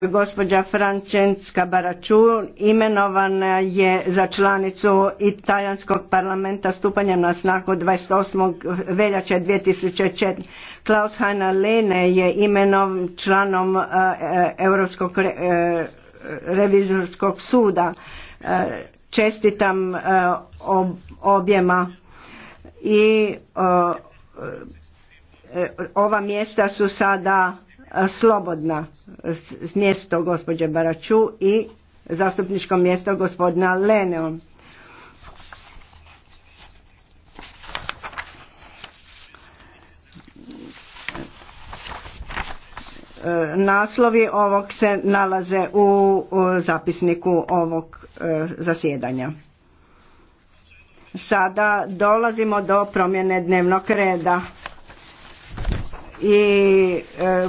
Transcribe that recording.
Gospođa Francenska Baračun imenovana je za članicu Italijanskog parlamenta stupanjem na snagu 28. veljače 2004. Klaus Hanna Lene je imenovan članom e, e, Europskog e, revizorskog suda. čestitam objema i ova mjesta su sada slobodna mjesto gospođe Baraču i zastupničko mjesto gospodina Leneo. E, naslovi ovog se nalaze u zapisniku ovog e, zasjedanja. Sada dolazimo do promjene dnevnog reda i e,